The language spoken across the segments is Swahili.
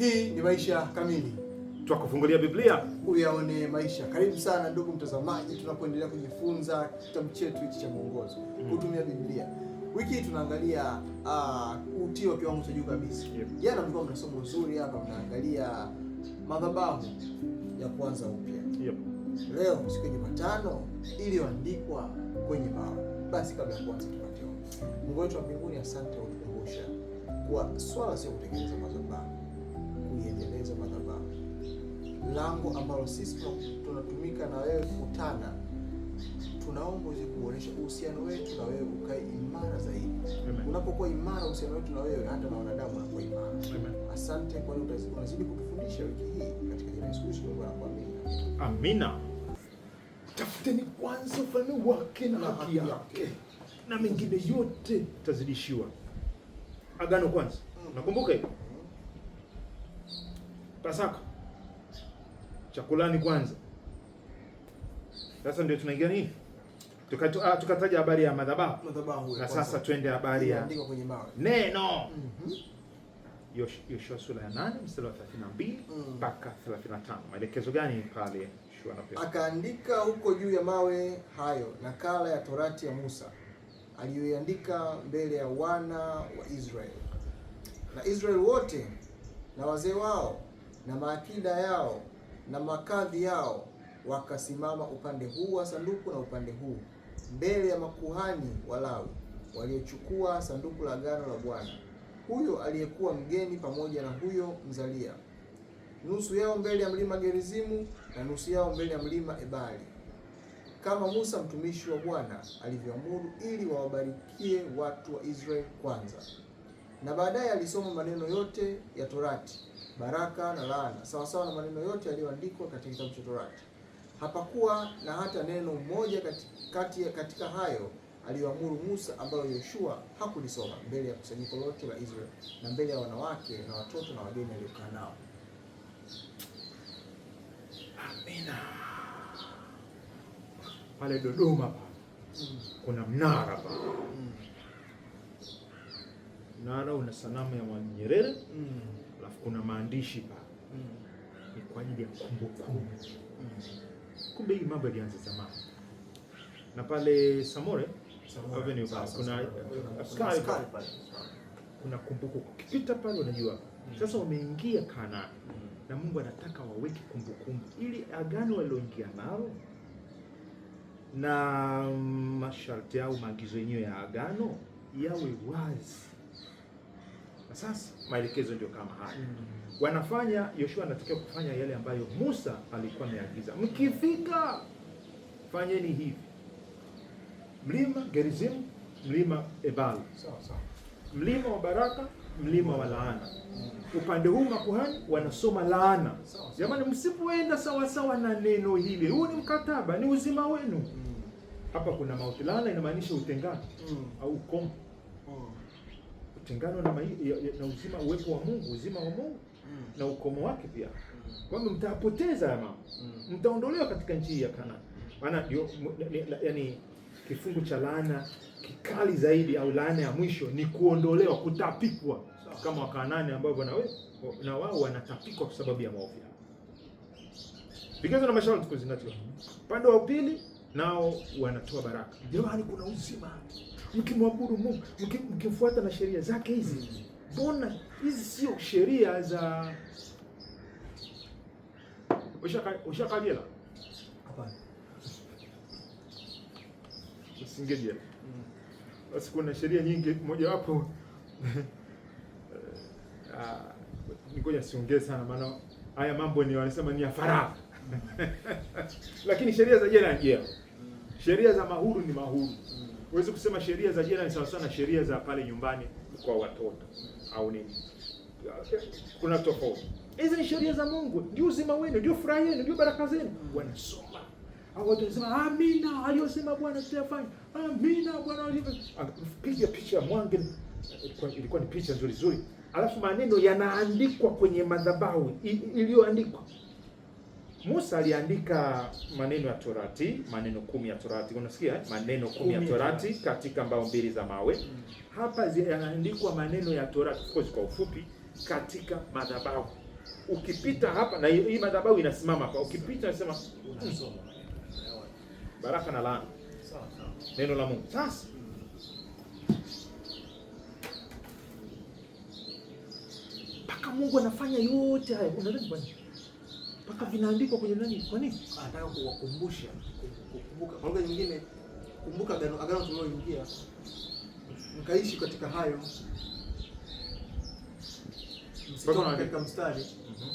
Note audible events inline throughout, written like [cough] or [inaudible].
Hii ni Maisha Kamili, twakufungulia Biblia uyaone maisha. Karibu sana ndugu mtazamaji, tunapoendelea kujifunza kitabu chetu hichi cha mwongozo mm. kutumia Biblia. Wiki hii tunaangalia uh, utii wa kiwango cha juu kabisa. Jana mlikuwa mna somo zuri hapa, mnaangalia madhabahu ya kuanza upya. Yep. Leo siku ya Jumatano iliyoandikwa kwenye bao. Basi kabla ya kuanza, tupate Mungu wetu wa mbinguni, asante kwa kutukumbusha kwa swala sio kutengeneza madhabahu kutengeneza madhabahu, lango ambalo sisi tunatumika na wewe kukutana. Tunaomba uweze kuonesha uhusiano wetu na wewe ukae imara zaidi. Unapokuwa imara uhusiano wetu na wewe, hata na wanadamu wanakuwa imara. Asante kwa unazidi kutufundisha wiki hii katika jina la Yesu Kristo, amina. Amina. Tafuteni kwanza ufalme wake na haki yake na mengine yote tazidishiwa. Agano kwanza, mm. nakumbuka hiyo. Pasaka chakulani kwanza. Sasa ndio tunaingia nini, ah, tukataja tuka habari ya madhabahu madhabahu, na sasa twende habari ya neno mm -hmm. Yoshua sura ya 8 mstari wa 32 mm. mpaka mm. 35. Maelekezo gani pale? Akaandika huko juu ya mawe hayo nakala ya torati ya Musa aliyoiandika mbele ya wana wa Israeli na Israeli wote na wazee wao na maakida yao na makadhi yao wakasimama upande huu wa sanduku na upande huu mbele ya makuhani Walawi waliochukua sanduku la agano la Bwana, huyo aliyekuwa mgeni pamoja na huyo mzalia, nusu yao mbele ya mlima Gerizimu na nusu yao mbele ya mlima Ebali, kama Musa mtumishi wa Bwana alivyoamuru, ili wawabarikie watu wa Israeli kwanza na baadaye alisoma maneno yote ya Torati, baraka na laana, sawasawa na maneno yote yaliyoandikwa katika kitabu cha Torati. Hapakuwa na hata neno moja kati katika hayo aliyoamuru Musa ambayo Yoshua hakulisoma mbele ya kusanyiko lote la Israeli na mbele ya wanawake na watoto na wageni waliokaa nao. Amina. Pale Dodoma pa mm. kuna mnara pa mm mnara una sanamu ya Mwalimu Nyerere mm. alafu kuna maandishi pa mm. ni kwa ajili ya kumbukumbu mm. Kumbe hii mambo yalianza zamani na pale Samore, Samore Avenue pa kuna askari kuna kumbukumbu, ukipita pale unajua mm. Sasa wameingia Kanaani mm. na Mungu anataka waweke kumbukumbu ili agano waloingia nalo na masharti au maagizo yenyewe ya agano yawe wazi na sasa maelekezo ndio kama haya wanafanya. Yoshua anatakiwa kufanya yale ambayo Musa alikuwa ameagiza, mkifika fanyeni hivi. Mlima Gerizim, mlima Ebal, mlima wa baraka, mlima wa laana. Upande huu makuhani wanasoma laana. Jamani, msipoenda sawasawa na neno hili, huu ni mkataba, ni uzima wenu. Mm. Hapa kuna mauti. Laana inamaanisha utengano mm. au ukomo kutengana na, na uzima uwepo wa Mungu, uzima wa Mungu mm. na ukomo wake pia mm. kwamba mtapoteza ya mambo mm. mtaondolewa katika nchi hii ya Kanaani. Maana yaani kifungu cha laana kikali zaidi au laana ya mwisho ni kuondolewa, kutapikwa kama Wakanaani ambao na wao wanatapikwa kwa sababu ya maovu Vigezo na masharti kuzingatiwa. Upande wa pili nao wanatoa baraka. Jamani, kuna uzima mkimwabudu Mungu, mkifuata na sheria zake hizi. Mbona hizi sio sheria za ushaka jela? Hapana, usinge Basi kuna sheria nyingi, mojawapo [laughs] ah, nikoja siongee sana, maana haya mambo ni wanasema ni ya faragha [laughs] lakini sheria za jela ni jela, sheria za mahuru ni mahuru. Huwezi kusema sheria za jela ni sawa sawa na sheria za pale nyumbani kwa watoto au nini. Kuna tofauti. Hizi ni sheria za Mungu, ndio uzima wenu, ndio furaha yenu, ndio baraka zenu. Wanasoma au watu wanasema amina, aliyosema Bwana tutafanya. Amina, Bwana alipiga picha mwange, ilikuwa ni picha nzuri nzuri, alafu maneno yanaandikwa kwenye madhabahu iliyoandikwa Musa aliandika maneno ya Torati, maneno kumi ya Torati. Unasikia Maneno kumi ya Torati katika mbao mbili za mawe. Mm. Hapa yanaandikwa maneno ya Torati of course, kwa ufupi katika madhabahu. Ukipita hapa na hii madhabahu inasimama hapa, ukipita unasema unasoma hmm, baraka na laana, neno la Mungu. Sasa mpaka Mungu anafanya yote haya, unadhani bwana? mpaka vinaandikwa kwenye nani. Kwa nini? Anataka ah, kuwakumbusha kukumbuka. Kwa lugha nyingine, kumbuka agano tulioingia, mkaishi katika hayo, msitoka katika mstari. Mhm.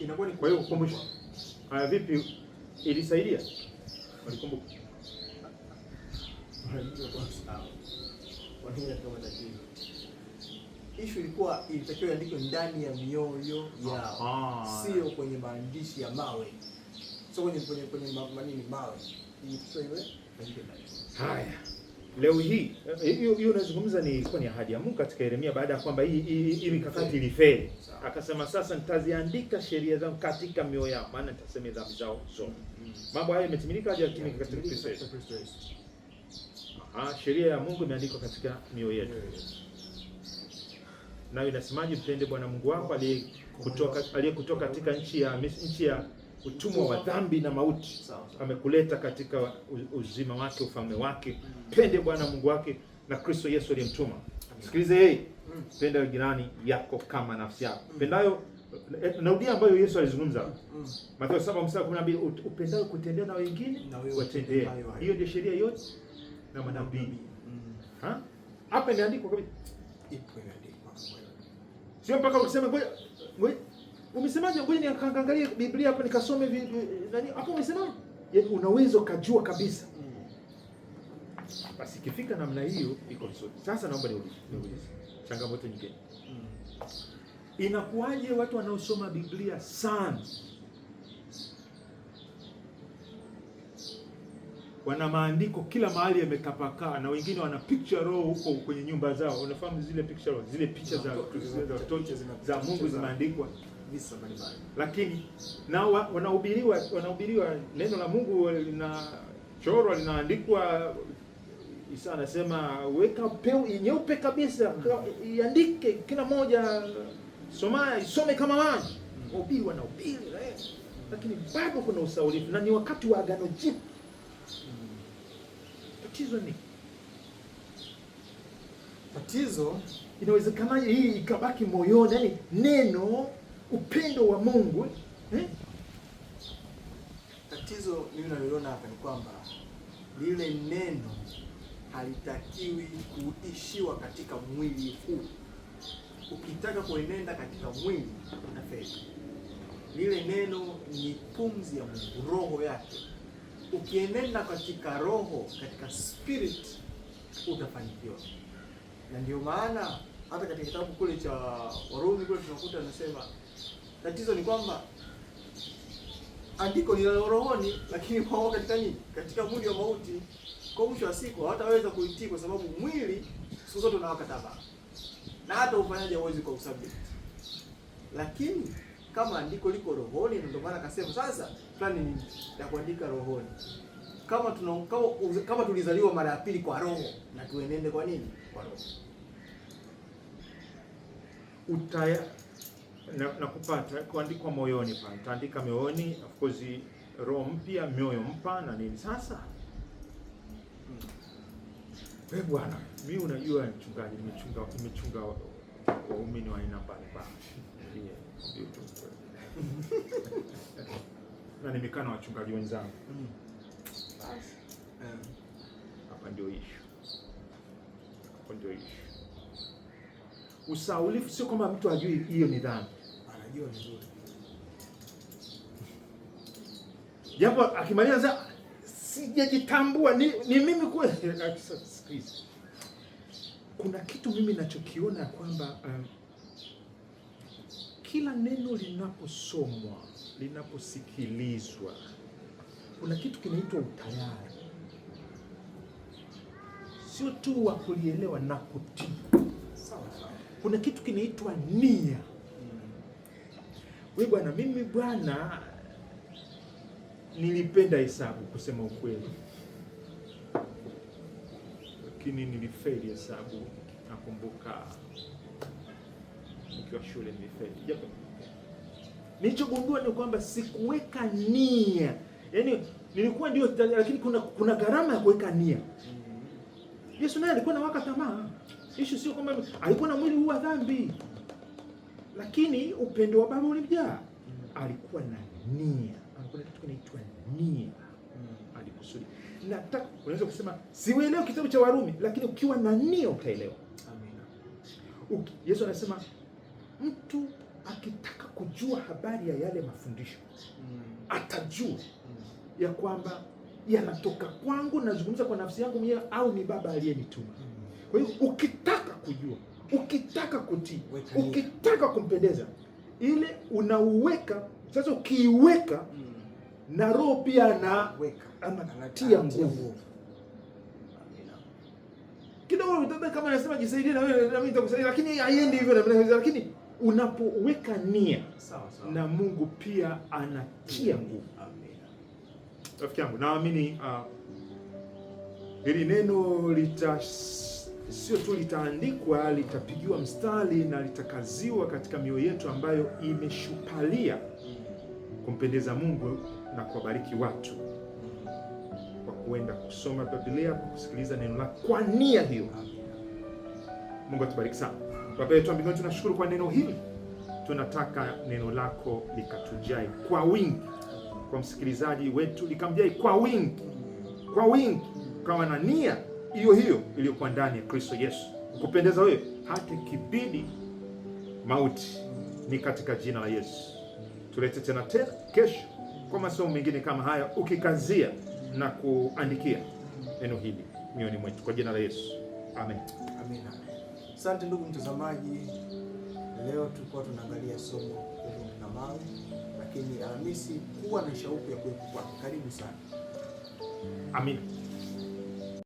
Inakuwa ni kwa hiyo kukumbusha. Haya, vipi ilisaidia? Walikumbuka ishu ilikuwa ilitakiwa iandikwe ndani ya mioyo yao, sio kwenye maandishi ya mawe, sio kwenye kwenye kwenye manini mawe. Ilitakiwa iwe haya. Leo hii eh, hiyo hiyo unazungumza ni ilikuwa ni ahadi ya Mungu katika Yeremia, baada ya kwamba hii hii mikakati ilifeli, akasema sasa nitaziandika sheria zangu katika mioyo yao, maana nitasema dhambi zao zote. Mm. Mambo haya yametimilika hadi yatimilika katika Kristo Yesu. Sheria ya Mungu imeandikwa katika mioyo yetu nayo inasemaje? Mpende Bwana Mungu wako aliyekutoka aliyekutoka katika nchi ya nchi ya utumwa wa dhambi na mauti, amekuleta katika uzima wake, ufalme wake. Mpende Bwana Mungu wake na Kristo Yesu aliyemtuma. Sikilize yeye, mpende jirani yako kama nafsi yako. Mpendayo narudia ambayo Yesu alizungumza Mathayo 7:12, upendayo kutendea na wengine na wewe watendee. Hiyo ndio sheria yote na manabii. Mm. Hapa inaandikwa kabisa. Sio mpaka useme ngoja ngoja. Umesemaje ngoja nikaangalie Biblia hapa nikasome nani? Hapo umesema? Yaani unaweza ukajua kabisa. Basi ikifika namna hiyo iko vizuri. Sasa naomba niulize. Changamoto nyingine. Mm. Inakuwaje watu wanaosoma Biblia sana wana maandiko kila mahali yametapakaa, na wengine wana picture row huko kwenye nyumba zao. Unafahamu zile picture row, zile picha za watoto za Mungu zimeandikwa visa mbalimbali, lakini nao wanahubiriwa, wanahubiriwa neno la Mungu linachorwa, linaandikwa. Isa anasema weka peo nyeupe kabisa, iandike kila moja, somaya isome kama maji. Mm. Wahubiri wanahubiri eh. lakini bado kuna usaulifu, na ni wakati wa Agano Jipya. Mm tatizo ni tatizo, inawezekanaje hii ikabaki moyoni? Yani neno upendo wa Mungu eh? Tatizo mimi naliona hapa ni kwamba lile neno halitakiwi kuishiwa katika mwili huu. Ukitaka kuenenda katika mwili unafeli. Lile neno ni pumzi ya Mungu, roho yake ukienenda katika roho, katika spirit utafanikiwa. Na ndio maana hata katika kitabu kule cha Warumi kule tunakuta anasema tatizo ni kwamba andiko ni la rohoni, lakini wao katika nini? Katika mwili wa mauti. Kwa mwisho wa siku hawataweza kuitii, kwa sababu mwili siku zote unawaka tamaa, na hata ufanyaje hauwezi kwa usabiti, lakini kama andiko liko rohoni, ndio maana akasema sasa plani ni ya kuandika rohoni. Kama tuna kama, kama tulizaliwa mara ya pili kwa roho, na tuenende kwa nini? Kwa roho. Utaya na, na kupata kuandikwa moyoni pa nitaandika moyoni, of course roho mpya, mioyo mpa na nini sasa we hmm. eh, bwana, mimi unajua mchungaji, nimechunga nimechunga waumini wa aina mbalimbali niangalie na nimekaa wachungaji wenzangu mm. eh. hapa, ndio ishu, hapa ndio ishu. Usaulifu sio kwamba mtu ajui hiyo ni dhambi, anajua vizuri, japo akimaliza sijajitambua ni, ni mimi kweli. Eh, eh, Kuna kitu mimi nachokiona kwamba um, kila neno linaposomwa, linaposikilizwa, kuna kitu kinaitwa utayari, sio tu wa kulielewa na kutii. Kuna kitu kinaitwa nia. Wewe bwana, mimi bwana, nilipenda hesabu kusema ukweli, lakini nilifeli hesabu, nakumbuka nikiwa shule nilifeli. Nilichogundua ni kwamba sikuweka nia, yaani nilikuwa ndio, lakini kuna kuna gharama ya kuweka nia. Mm-hmm. Yesu naye alikuwa na waka tamaa. Yesu sio kwamba alikuwa na mwili huu wa dhambi, lakini upendo wa Baba ulimjaa. Mm-hmm. Alikuwa na nia, alikuwa na kitu kinaitwa nia mm-hmm. alikusudi. Nataka unaweza kusema siuelewi kitabu cha Warumi, lakini ukiwa na nia utaelewa. Amina. Yesu anasema mtu akitaka kujua habari ya yale mafundisho mm. atajua mm. ya kwamba yanatoka kwangu, nazungumza kwa nafsi yangu mwenyewe au ni Baba aliyenituma mm. Kwa hiyo ukitaka kujua, ukitaka kutii, ukitaka kumpendeza, ile unauweka sasa, ukiiweka mm. na Roho pia na anatia nguvu kidogo. Kama anasema jisaidie na wewe, na mimi nitakusaidia, lakini haiendi hivyo, lakini unapoweka nia sawa sawa, na Mungu pia anatia nguvu. Rafiki yangu, naamini uh, hili uh, neno lita sio tu litaandikwa, litapigiwa mstari na litakaziwa katika mioyo yetu ambayo imeshupalia kumpendeza Mungu na kuwabariki watu kwa kuenda kusoma Biblia, kwa kusikiliza neno lake kwa nia hiyo. Mungu atubariki sana. Baba yetu mbinguni, tunashukuru kwa neno hili. Tunataka neno lako likatujai kwa wingi, kwa msikilizaji wetu likamjai kwa wingi, kwa wingi, ukawa na nia hiyo hiyo iliyokuwa ndani ya Kristo Yesu, kupendeza wewe hata kibidi mauti. Ni katika jina la Yesu. Tulete tena tena kesho kwa masomo mengine kama haya, ukikazia na kuandikia neno hili mioni mwetu kwa jina la Yesu, amen, amen. Asante ndugu mtazamaji, leo tulikuwa tunaangalia somo gumu na mawe, lakini Alhamisi kuwa na shauku ya kuwepo kwake. Karibu sana. Amina.